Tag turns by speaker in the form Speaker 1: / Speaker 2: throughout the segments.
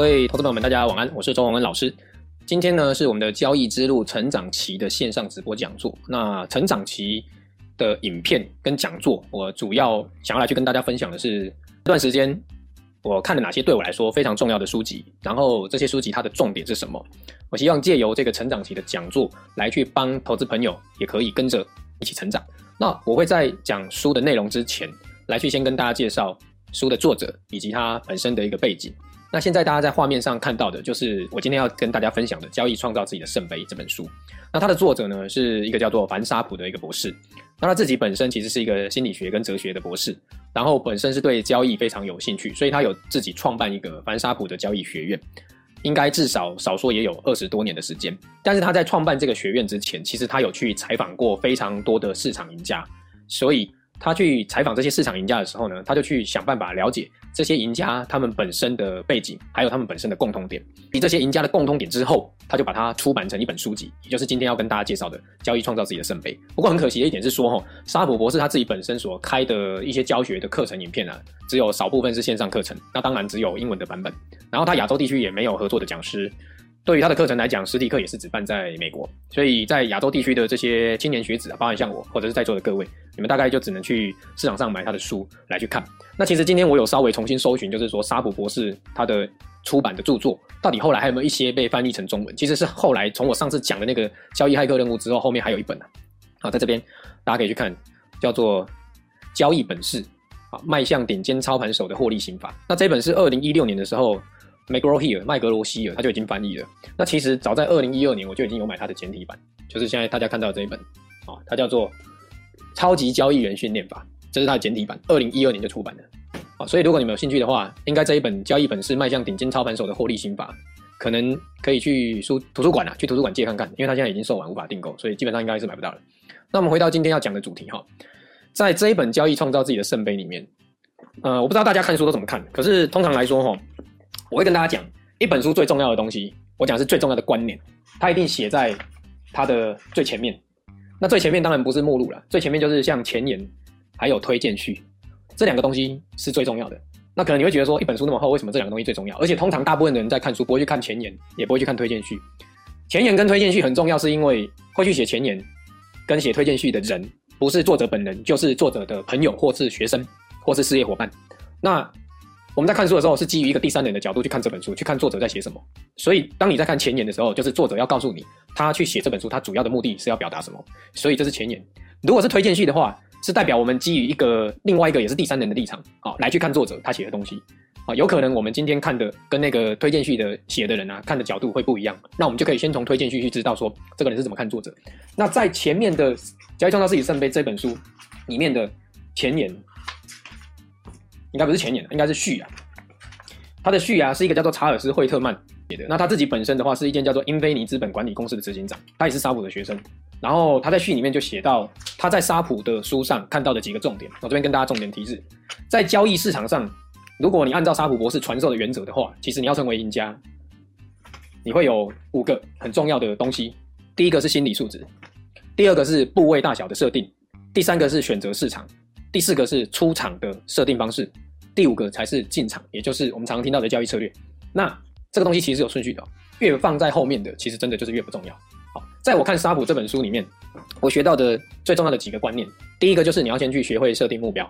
Speaker 1: 各位投資朋友們，大家晚安，我是周文文老師。今天呢，是我們的交易之路成長期的線上直播講座。那成長期的影片跟講座，我主要想要來去跟大家分享的是這段時間我看了哪些對我來說非常重要的書籍，然後這些書籍它的重點是什麼？我希望借由這個成長期的講座來去幫投資朋友也可以跟着一起成長。那我會在講書的內容之前，來去先跟大家介紹書的作者以及他本身的一個背景。那現在大家在畫面上看到的，就是我今天要跟大家分享的《交易創造自己的聖盃》這本書。那它的作者呢，是一個叫做凡沙普的一個博士。那他自己本身其實是一個心理學跟哲學的博士，然後本身是對交易非常有興趣，所以他有自己創辦一個凡沙普的交易學院，應該至少少說也有二十多年的時間。但是他在創辦這個學院之前，其實他有去採訪過非常多的市場贏家，所以他去採訪這些市場贏家的時候呢，他就去想辦法了解。這些贏家他們本身的背景，還有他們本身的共通點，比這些贏家的共通點之後，他就把它出版成一本書籍，也就是今天要跟大家介紹的《交易創造自己的聖杯》。不過很可惜的一點是說，哈，沙普博士他自己本身所開的一些教學的課程影片啊，只有少部分是線上課程，那當然只有英文的版本，然後他亞洲地區也沒有合作的講師。對於他的課程來講，實體課也是只辦在美國，所以在亞洲地區的這些青年學子啊，包含像我或者是在座的各位，你們大概就只能去市場上買他的書來去看。那其實今天我有稍微重新搜尋，就是說沙普博士他的出版的著作，到底後來還有沒有一些被翻譯成中文？其實是後來從我上次講的那個交易駭客任務之後，後面還有一本啊，好，在這邊大家可以去看，叫做《交易本事》，啊，邁向頂尖操盤手的獲利心法。那這本是二零一六年的時候。麥格羅希爾，麥格羅西爾，他就已經翻譯了。那其實早在二零一二年，我就已經有買他的簡體版，就是現在大家看到的這一本，啊、哦，它叫做《超級交易員訓練法》，這是它的簡體版，二零一二年就出版了。啊、哦，所以如果你們有興趣的話，應該這一本交易本事邁向頂尖操盤手的獲利心法，可能可以去書圖書館啊，去圖書館借看看，因為它現在已經售完，無法訂購，所以基本上應該是買不到了。那我們回到今天要講的主題哈，在這一本交易創造自己的聖盃裡面，呃，我不知道大家看書都怎麼看，可是通常來說吼。我會跟大家講，一本書最重要的東西，我講的是最重要的觀念，它一定寫在它的最前面。那最前面當然不是目錄了，最前面就是像前言還有推薦序，這兩個東西是最重要的。那可能你會覺得說，一本書那麼厚，為什麼這兩個東西最重要？而且通常大部分的人在看書不會去看前言，也不會去看推薦序。前言跟推薦序很重要，是因為會去寫前言跟寫推薦序的人，不是作者本人，就是作者的朋友或是學生或是事業夥伴。那我們在看書的時候，是基於一個第三人的角度去看這本書，去看作者在寫什麼。所以，當你在看前言的時候，就是作者要告訴你，他去寫這本書，他主要的目的是要表達什麼。所以，這是前言。如果是推薦序的話，是代表我們基於一個另外一個也是第三人的立場啊、哦，來去看作者他寫的東西啊、哦。有可能我們今天看的跟那個推薦序的寫的人啊看的角度會不一樣。那我們就可以先從推薦序去知道說這個人是怎麼看作者。那在前面的《交易創造自己的聖杯》這本書裡面的前言。應該不是前言的，應該是序啊。他的序啊是一個叫做查爾斯·惠特曼寫的。那他自己本身的話，是一間叫做英菲尼資本管理公司的執行長，他也是沙普的學生。然後他在序裡面就寫到，他在沙普的書上看到的幾個重點，我這邊跟大家重點提示：在交易市場上，如果你按照沙普博士傳授的原則的話，其實你要成為贏家，你會有五個很重要的東西。第一個是心理素質，第二個是部位大小的設定，第三個是選擇市場。第四個是出場的設定方式，第五個才是進場，也就是我們常常聽到的交易策略。那這個東西其實有順序的哦，越放在後面的，其實真的就是越不重要。好，在我看沙普這本書裡面，我學到的最重要的幾個觀念，第一個就是你要先去學會設定目標。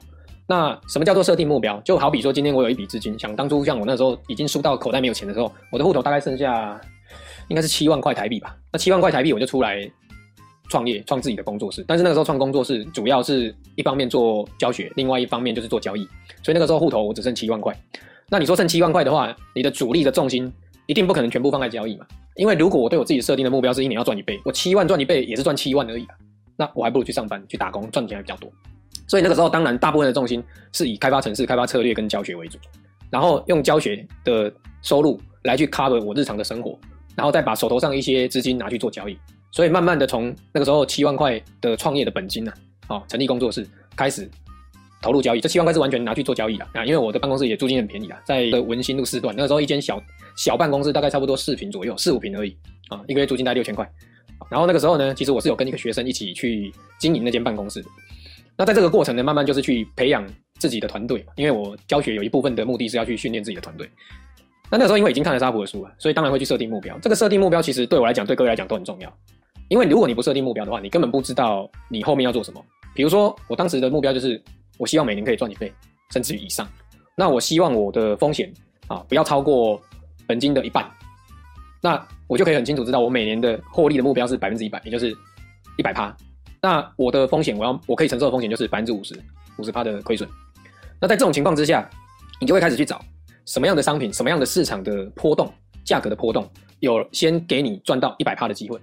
Speaker 1: 那什麼叫做設定目標？就好比說，今天我有一筆資金，想當初像我那時候已經輸到口袋沒有錢的時候，我的戶頭大概剩下應該是七萬塊台幣吧。那七萬塊台幣，我就出來。創業創自己的工作室，但是那個時候創工作室主要是一方面做教學，另外一方面就是做交易，所以那個時候戶頭我只剩七萬塊。那你說剩七萬塊的話，你的主力的重心一定不可能全部放在交易嘛。因為如果我對我自己設定的目標是一年要賺一倍，我七萬賺一倍也是賺七萬而已啊。那我還不如去上班去打工賺錢還比較多。所以那個時候當然大部分的重心是以開發程式、開發策略跟教學為主，然後用教學的收入來去 cover 我日常的生活，然後再把手頭上一些資金拿去做交易。所以慢慢的從那個時候七萬塊的創業的本金呢，啊，哦成立工作室開始投入交易，這七萬塊是完全拿去做交易的，啊，因為我的辦公室也租金很便宜啊，在文心路四段那個時候一間小小辦公室大概差不多四平左右四五平而已啊，一個月租金大概六千塊。然後那個時候呢，其實我是有跟一個學生一起去經營那間辦公室的。那在這個過程呢，慢慢就是去培養自己的團隊，因為我教學有一部分的目的是要去訓練自己的團隊。那那個時候因為已經看了沙普的書了，所以當然會去設定目標。這個設定目標其實對我來講對各位來講都很重要。因為如果你不設定目標的話，你根本不知道你後面要做什麼。比如說，我當時的目標就是，我希望每年可以賺一倍甚至於以上。那我希望我的風險啊不要超過本金的一半，那我就可以很清楚知道我每年的獲利的目標是百分之一百，也就是一百趴。那我的風險，我要我可以承受的風險就是百分之五十，五十趴的虧損。那在這種情況之下，你就會開始去找什麼樣的商品、什麼樣的市場的波動、價格的波動，有先給你賺到一百趴的機會。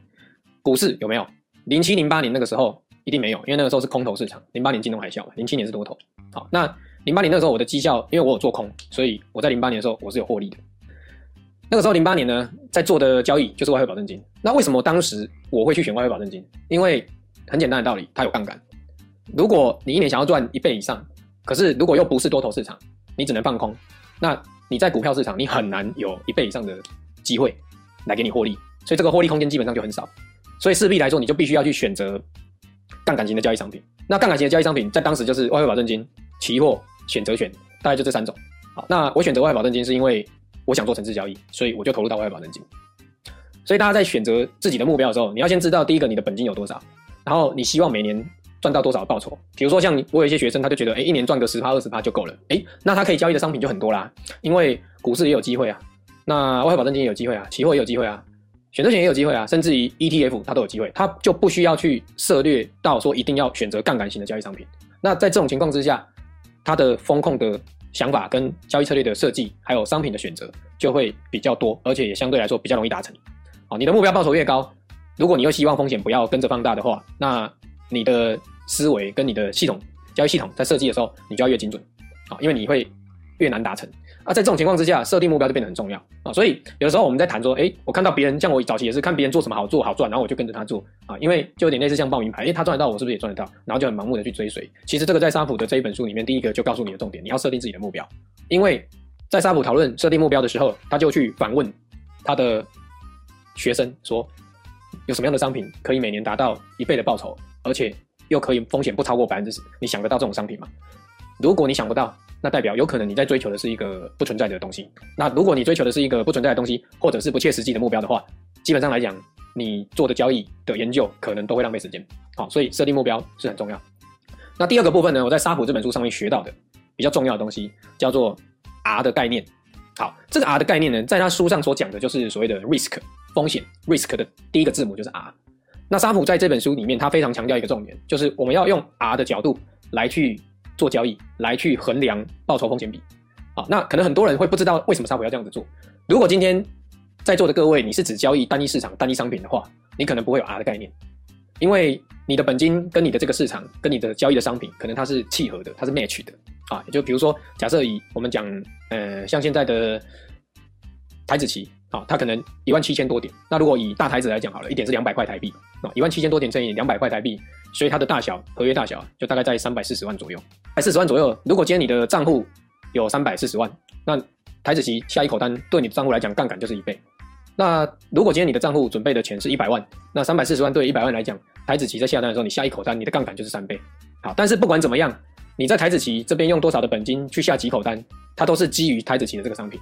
Speaker 1: 股市有沒有？零七零八年那個時候一定沒有，因為那個時候是空頭市場。零八年金融海嘯嘛，零七年是多頭。好，那零八年那個時候，我的績效因為我有做空，所以我在零八年的時候我是有獲利的。那個時候零八年呢，在做的交易就是外匯保證金。那為什麼當時我會去選外匯保證金？因為很簡單的道理，它有槓桿。如果你一年想要賺一倍以上，可是如果又不是多頭市場，你只能放空。那你在股票市場，你很難有一倍以上的機會來給你獲利。所以這個獲利空間基本上就很少。所以勢必來說，你就必須要去選擇槓桿型的交易商品。那槓桿型的交易商品，在當時就是外匯保證金、期貨、選擇權，大概就這三種。好，那我選擇外匯保證金，是因為我想做程式交易，所以我就投入到外匯保證金。所以大家在選擇自己的目標的時候，你要先知道第一個你的本金有多少，然後你希望每年賺到多少的報酬。比如說，像我有一些學生，他就覺得，誒、欸，一年賺個十趴二十趴就夠了，誒、欸，那他可以交易的商品就很多啦，因為股市也有機會啊，那外匯保證金也有機會啊，期貨也有機會啊。選擇權也有機會啊，甚至於 ETF 它都有機會，它就不需要去涉獵到說一定要選擇槓桿型的交易商品。那在這種情況之下，它的風控的想法跟交易策略的設計，還有商品的選擇就會比較多，而且也相對來說比較容易達成。好、哦，你的目標報酬越高，如果你又希望風險不要跟着放大的話，那你的思維跟你的系統，交易系統在設計的時候，你就要越精準。啊、哦，因為你會越難達成。啊，在這種情況之下，設定目標就變得很重要啊。所以有的時候我們在談說，欸，我看到別人像我早期也是看別人做什麼好做、好賺，然後我就跟着他做啊，因為就有點類似像報名牌，欸，他賺得到，我是不是也賺得到？然後就很盲目的去追隨。其實這個在沙普的這一本書裡面，第一個就告訴你的重點，你要設定自己的目標。因為在沙普討論設定目標的時候，他就去反問他的學生說，有什麼樣的商品可以每年達到一倍的報酬，而且又可以風險不超過百分之十？你想得到這種商品嗎？如果你想不到，那代表有可能你在追求的是一個不存在的東西。那如果你追求的是一個不存在的東西，或者是不切實際的目標的話，基本上來講，你做的交易的研究可能都會浪費時間。好，所以設定目標是很重要。那第二個部分呢？我在沙普這本書上面學到的比較重要的東西叫做 R 的概念。好，這個 R 的概念呢，在他書上所講的就是所謂的 risk 風險，risk 的第一個字母就是 R。那沙普在這本書裡面，他非常強調一個重點，就是我們要用 R 的角度來去。做交易來去衡量報酬風險比。啊，那可能很多人會不知道為什麼他不要這樣子做。如果今天在座的各位，你是只交易單一市場、單一商品的話，你可能不會有 R 的概念，因為你的本金跟你的這個市場跟你的交易的商品，可能它是契合的，它是 match 的，啊，也就比如說假設以我們講，呃，像現在的台指期，啊，它可能一萬七千多點。那如果以大台子來講好了，一點是兩百塊台幣，啊，一萬七千多點乘以兩百塊台幣。所以它的大小合約大小就大概在三百四十萬左右，還四十萬左右。如果今天你的賬戶有三百四十萬，那台指期下一口單對你的賬戶來講槓桿就是一倍。那如果今天你的賬戶準備的錢是一百萬，那三百四十萬對一百萬來講，台指期在下單的時候你下一口單，你的槓桿就是三倍。好，但是不管怎麼樣，你在台指期這邊用多少的本金去下幾口單，它都是基於台指期的這個商品。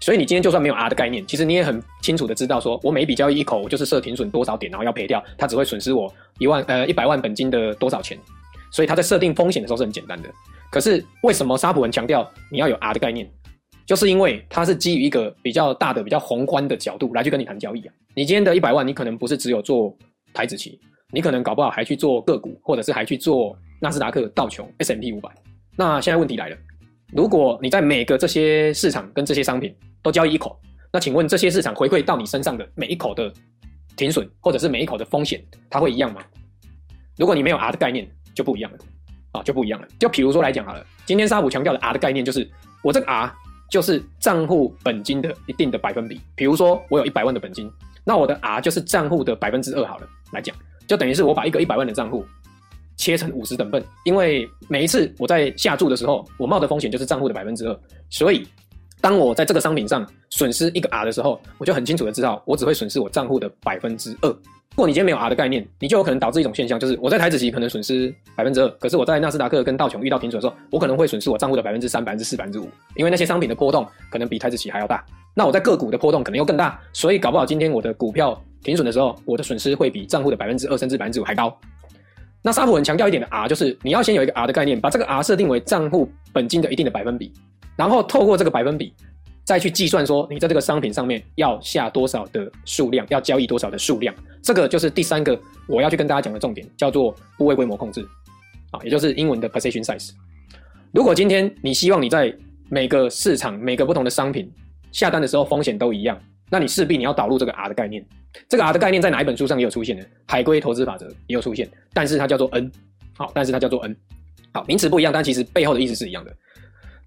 Speaker 1: 所以你今天就算沒有 R 的概念，其實你也很清楚的知道說，說我每一筆交易一口，就是設停損多少點，然後要賠掉，它只會損失我一萬呃一百萬本金的多少錢。所以他在設定風險的時候是很簡單的。可是為什麼沙普文強調你要有 R 的概念，就是因為他是基於一個比較大的、比較宏觀的角度來去跟你談交易啊。你今天的一百萬，你可能不是只有做台指期，你可能搞不好還去做個股，或者是還去做納斯達克、道瓊 S、S&P 五百。那現在問題來了。如果你在每個這些市場跟這些商品都交易一口，那請問這些市場回饋到你身上的每一口的停損，或者是每一口的風險，它會一樣嗎？如果你沒有 R 的概念，就不一樣了，啊，就不一樣了。就比如說來講好了，今天沙虎強調的 R 的概念，就是我這個 R 就是賬戶本金的一定的百分比。比如說我有一百萬的本金，那我的 R 就是賬戶的百分之二好了，來講，就等於是我把一個一百萬的賬戶切成五十等份，因為每一次我在下注的時候，我冒的風險就是賬戶的百分之二。所以，當我在這個商品上損失一個 R 的時候，我就很清楚的知道，我只會損失我賬戶的百分之二。如果你今天沒有 R 的概念，你就有可能導致一種現象，就是我在台指期可能損失百分之二，可是我在納斯達克跟道瓊遇到停損的時候，我可能會損失我賬戶的百分之三、百分之四、百分之五，因為那些商品的波動可能比台指期還要大。那我在個股的波動可能又更大，所以搞不好今天我的股票停損的時候，我的損失會比賬戶的百分之二甚至百分之五還高。那沙普很強調一點的 R，就是你要先有一個 R 的概念，把這個 R 設定為賬戶本金的一定的百分比，然後透過這個百分比再去計算說，你在這個商品上面要下多少的數量，要交易多少的數量，這個就是第三個我要去跟大家講的重點，叫做部位規模控制，啊，也就是英文的 position size。如果今天你希望你在每個市場、每個不同的商品下單的時候風險都一樣。那你勢必你要導入這個 R 的概念，這個 R 的概念在哪一本書上也有出現呢？《海龜投資法則》也有出現，但是它叫做 N，好，但是它叫做 N，好，名詞不一樣，但其實背後的意思是一樣的。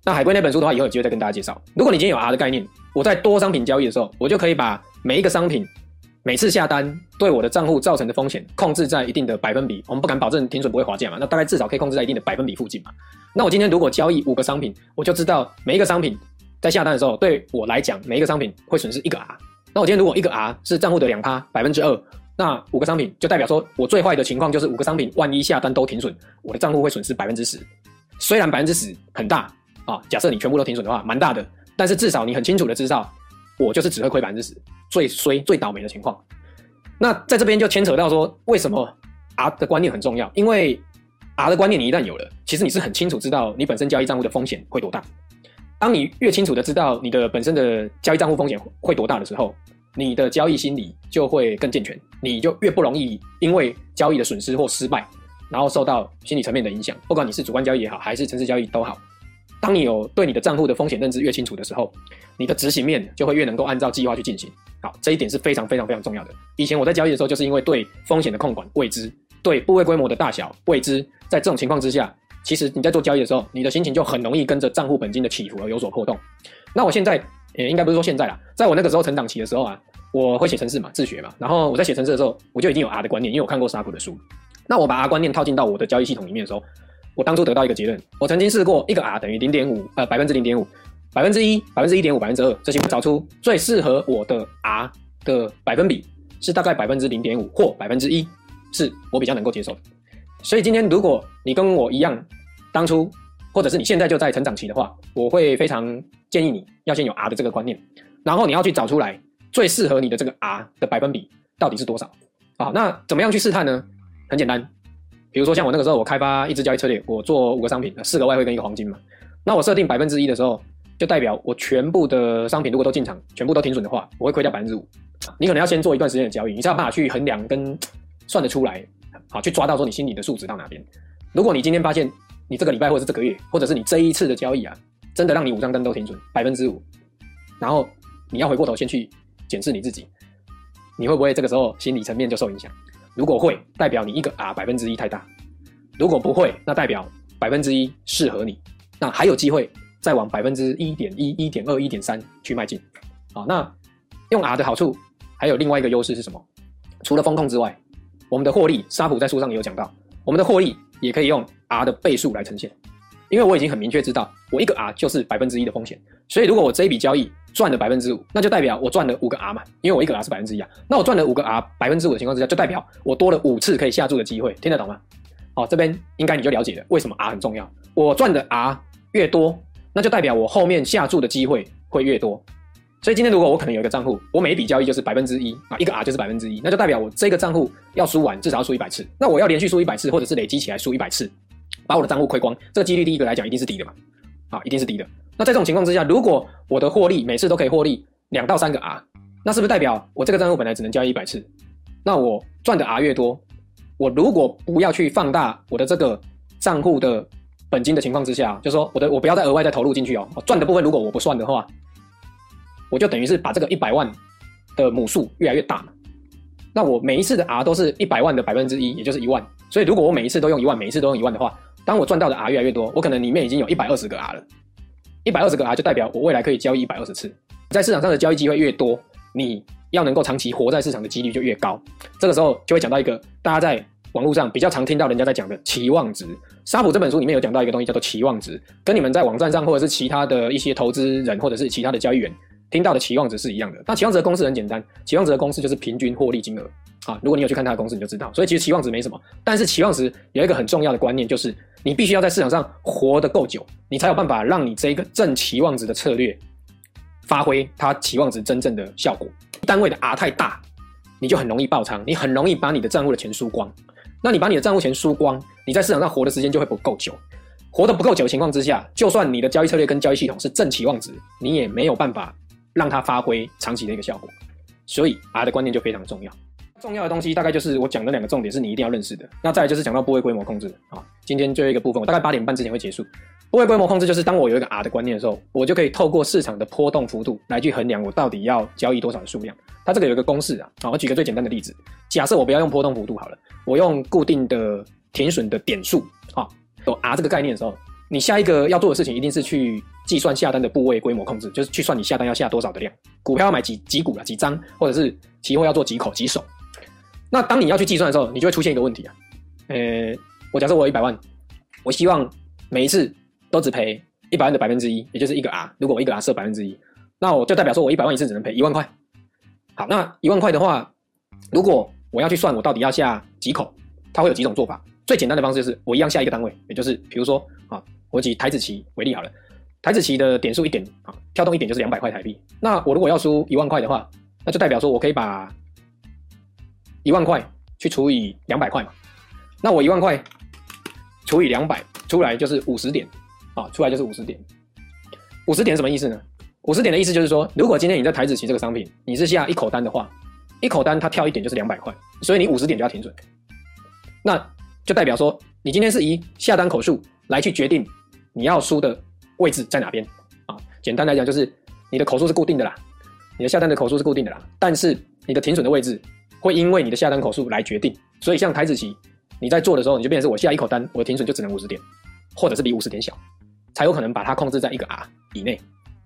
Speaker 1: 那海龜那本書的話，以後有機會再跟大家介紹。如果你今天有 R 的概念，我在多商品交易的時候，我就可以把每一個商品每次下單對我的賬戶造成的風險控制在一定的百分比，我們不敢保證停損不會滑價嘛，那大概至少可以控制在一定的百分比附近嘛。那我今天如果交易五個商品，我就知道每一個商品。在下單的時候，對我來講，每一個商品會損失一個 R。那我今天如果一個 R 是賬戶的兩趴百分之二，那五個商品就代表說，我最壞的情況就是五個商品萬一下單都停損，我的賬戶會損失百分之十。雖然百分之十很大啊，假設你全部都停損的話，蠻大的。但是至少你很清楚的知道，我就是只會虧百分之十，最衰最倒霉的情況。那在這邊就牽扯到說，為什麼 R 的觀念很重要？因為 R 的觀念你一旦有了，其實你是很清楚知道你本身交易賬戶的風險會多大。當你越清楚的知道你的本身的交易賬戶風險會多大的時候，你的交易心理就會更健全，你就越不容易因為交易的損失或失敗，然後受到心理層面的影響。不管你是主觀交易也好，還是程式交易都好，當你有對你的賬戶的風險認知越清楚的時候，你的執行面就會越能夠按照計劃去進行。好，這一點是非常非常非常重要的。以前我在交易的時候，就是因為對風險的控管未知，對部位規模的大小未知，在這種情況之下。其實你在做交易的時候，你的心情就很容易跟着賬戶本金的起伏而有所波動。那我現在，也、欸、應該不是說現在啦，在我那個時候成長期的時候啊，我會寫程式嘛，自學嘛。然後我在寫程式的時候，我就已經有 R 的觀念，因為我看過沙普的書。那我把 R 觀念套進到我的交易系統裡面的時候，我當初得到一個結論：我曾經試過一個 R 等於零點五，呃，百分之零點五，百分之一，百分之一點五，百分之二，這些會找出最適合我的 R 的百分比，是大概百分之零點五或百分之一，是我比較能夠接受的。所以今天，如果你跟我一樣，當初，或者是你現在就在成長期的話，我會非常建議你要先有 R 的這個觀念，然後你要去找出來最適合你的這個 R 的百分比到底是多少。好，啊，那怎麼樣去試探呢？很簡單，比如說像我那個時候，我開發一支交易策略，我做五個商品，四個外匯跟一個黃金嘛。那我設定百分之一的時候，就代表我全部的商品如果都進場，全部都停損的話，我會虧掉百分之五。你可能要先做一段時間的交易，你才有辦法去衡量跟算得出來。好，去抓到說你心理的數值到哪邊。如果你今天發現你這個禮拜或者是這個月，或者是你這一次的交易啊，真的讓你五張單都停損百分之五，然後你要回過頭先去檢視你自己，你會不會這個時候心理層面就受影響？如果會，代表你一個 R 百分之一太大；如果不會，那代表百分之一適合你，那還有機會再往百分之一點一、一點二、一點三去邁進。啊，那用 R 的好處還有另外一個優勢是什麼？除了風控之外。我們的獲利，沙普在書上也有講到，我們的獲利也可以用 R 的倍數來呈現，因為我已經很明確知道，我一個 R 就是百分之一的風險，所以如果我這一筆交易賺了百分之五，那就代表我賺了五個 R 嘛，因為我一個 R 是百分之一啊，那我賺了五個 R，百分之五的情況之下，就代表我多了五次可以下注的機會，聽得懂嗎？好、哦，這邊應該你就了解了，為什麼 R 很重要，我賺的 R 越多，那就代表我後面下注的機會會越多。所以今天如果我可能有一個賬戶，我每一筆交易就是百分之一啊，一個 R 就是百分之一，那就代表我這個賬戶要輸完至少要輸一百次。那我要連續輸一百次，或者是累積起來輸一百次，把我的賬戶虧光，這個幾率第一個來講一定是低的嘛，啊，一定是低的。那在這種情況之下，如果我的獲利每次都可以獲利兩到三個 R，那是不是代表我這個賬戶本來只能交易一百次，那我賺的 R 越多，我如果不要去放大我的這個賬戶的本金的情況之下，就說我的，我不要再額外再投入進去哦，賺的部分如果我不算的話，我就等於是把這個一百萬的母數越來越大嘛，那我每一次的 R 都是一百萬的百分之一，也就是一萬。所以如果我每一次都用一萬，每一次都用一萬的話，當我賺到的 R 越來越多，我可能裡面已經有一百二十個 R 了。一百二十個 R 就代表我未來可以交易一百二十次，在市場上的交易機會越多，你要能夠長期活在市場的機率就越高。這個時候就會講到一個大家在網絡上比較常聽到人家在講的期望值。沙普這本書裡面有講到一個東西叫做期望值，跟你們在網站上或者是其他的一些投資人或者是其他的交易員。聽到的期望值是一樣的。那期望值的公式很簡單，期望值的公式就是平均獲利金額啊。如果你有去看它的公式，你就知道。所以其實期望值沒什麼，但是期望值有一個很重要的觀念，就是你必須要在市場上活得夠久，你才有辦法讓你這個正期望值的策略發揮它期望值真正的效果。單位的 R 太大，你就很容易爆倉，你很容易把你的賬戶的錢輸光。那你把你的賬戶錢輸光，你在市場上活的時間就會不夠久。活得不夠久的情況之下，就算你的交易策略跟交易系統是正期望值，你也沒有辦法。讓它發揮長期的一個效果，所以 R 的觀念就非常重要。重要的東西大概就是我講的兩個重點，是你一定要認識的。那再來就是講到部位規模控制啊，今天最後一個部分，我大概八點半之前會結束。部位規模控制就是當我有一個 R 的觀念的時候，我就可以透過市場的波動幅度來去衡量我到底要交易多少的數量。它這個有一個公式啊，啊，我舉個最簡單的例子，假設我不要用波動幅度好了，我用固定的停損的點數啊，有 R 這個概念的時候，你下一個要做的事情一定是去。計算下單的部位規模控制，就是去算你下單要下多少的量，股票要買幾幾股啊，幾張，或者是期貨要做幾口幾手。那當你要去計算的時候，你就會出現一個問題啊。呃，我假設我有一百萬，我希望每一次都只賠一百萬的百分之一，也就是一個 R。如果我一個 R 設百分之一，那我就代表說我一百萬一次只能賠一萬塊。好，那一萬塊的話，如果我要去算我到底要下幾口，它會有幾種做法。最簡單的方式就是我一樣下一個單位，也就是比如說啊，我以台指期為例好了。台指期的點數一點啊，跳動一點就是兩百塊台幣。那我如果要輸一萬塊的話，那就代表說我可以把一萬塊去除以兩百塊嘛。那我一萬塊除以兩百，出來就是五十點啊，出來就是五十點。五十點什麼意思呢？五十點的意思就是說，如果今天你在台指期這個商品，你是下一口單的話，一口單它跳一點就是兩百塊，所以你五十點就要停損。那就代表說，你今天是以下單口數來去決定你要輸的。位置在哪邊？啊、哦，簡單來講就是你的口數是固定的啦，你的下單的口數是固定的啦，但是你的停損的位置會因為你的下單口數來決定。所以像台指期，你在做的時候，你就變成是我下一口單，我的停損就只能五十點，或者是比五十點小，才有可能把它控制在一個 R 以內。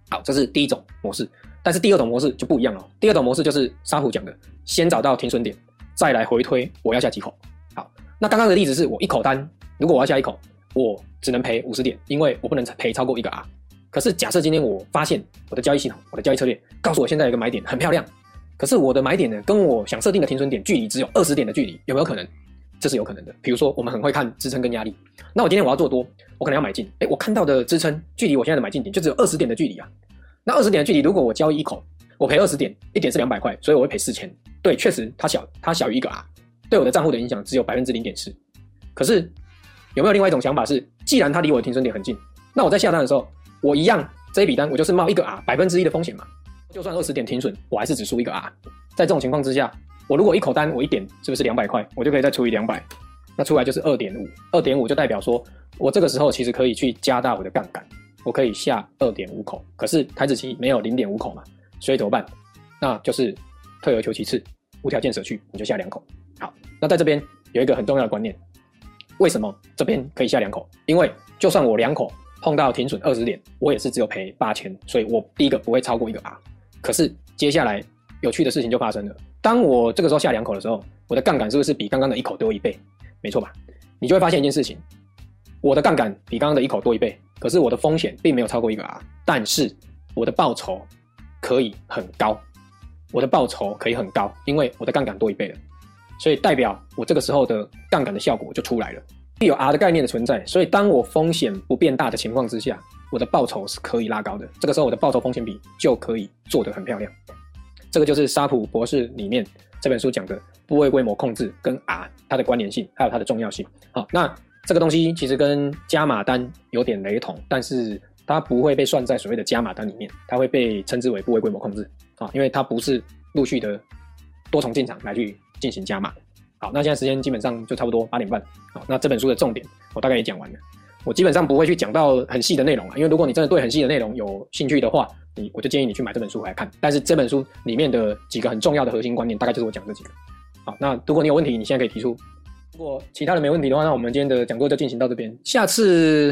Speaker 1: 好，這是第一種模式。但是第二種模式就不一樣了，哦。第二種模式就是沙虎講的，先找到停損點，再來回推我要下幾口。好，那剛剛的例子是我一口單，如果我要下一口，我只能賠五十點，因為我不能賠超過一個 R。可是假設今天我發現我的交易系統、我的交易策略告訴我現在有一個買點很漂亮，可是我的買點呢跟我想設定的停損點距離只有二十點的距離，有沒有可能？這是有可能的。比如說我們很會看支撐跟壓力，那我今天我要做多，我可能要買進。誒，我看到的支撐距離我現在的買進點就只有二十點的距離啊。那二十點的距離，如果我交易一口，我賠二十點，一點是兩百塊，所以我會賠四千。對，確實它小，它小於一個 R，對我的賬戶的影響只有百分之零點四。可是。有沒有另外一種想法是，既然它離我的停損點很近，那我在下單的時候，我一樣這一筆單我就是冒一個 R 百分之一的風險嘛？就算二十點停損，我還是只輸一個 R。在這種情況之下，我如果一口單我一點，是不是兩百塊？我就可以再除以兩百，那出來就是二點五，二點五就代表說我這個時候其實可以去加大我的槓桿，我可以下二點五口。可是台子期沒有零點五口嘛，所以怎麼辦？那就是退而求其次，無條件捨去，我就下兩口。好，那在這邊有一個很重要的觀念。為什麼這邊可以下兩口？因為就算我兩口碰到停損二十點，我也是只有賠八千，所以我第一個不會超過一個 R。可是接下來有趣的事情就發生了，當我這個時候下兩口的時候，我的槓桿是不是比剛剛的一口多一倍？沒錯吧？你就會發現一件事情，我的槓桿比剛剛的一口多一倍，可是我的風險並沒有超過一個 R，但是我的報酬可以很高，我的報酬可以很高，因為我的槓桿多一倍了。所以代表我這個時候的槓桿的效果就出來了，有 R 的概念的存在，所以當我風險不變大的情況之下，我的報酬是可以拉高的。這個時候我的報酬風險比就可以做得很漂亮。這個就是沙普博士裡面這本書講的部位規模控制跟 R 它的關聯性，還有它的重要性。好，那這個東西其實跟加碼單有點雷同，但是它不會被算在所謂的加碼單裡面，它會被稱之為部位規模控制啊，因為它不是陸續的多重進場來去進行加碼。好，那現在時間基本上就差不多八點半。好，那這本書的重點我大概也講完了。我基本上不會去講到很細的內容了，因為如果你真的對很細的內容有興趣的話，你我就建議你去買這本書回來看。但是這本書裡面的幾個很重要的核心觀念，大概就是我講這幾個。好，那如果你有問題，你現在可以提出。如果其他人沒問題的話，那我們今天的講座就進行到這邊。下次，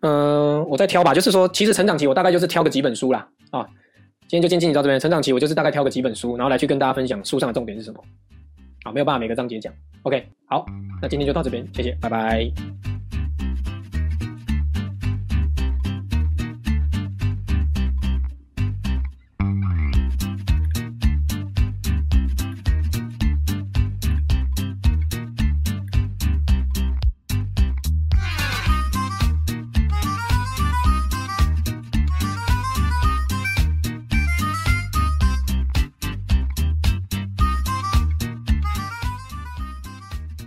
Speaker 1: 嗯、呃，我再挑吧。就是說，其實成長期我大概就是挑個幾本書啦。啊，今天就先進行到這邊。成長期我就是大概挑個幾本書，然後來去跟大家分享書上的重點是什麼。好，沒有辦法每個章節講。OK，好，那今天就到這邊，謝謝，拜拜。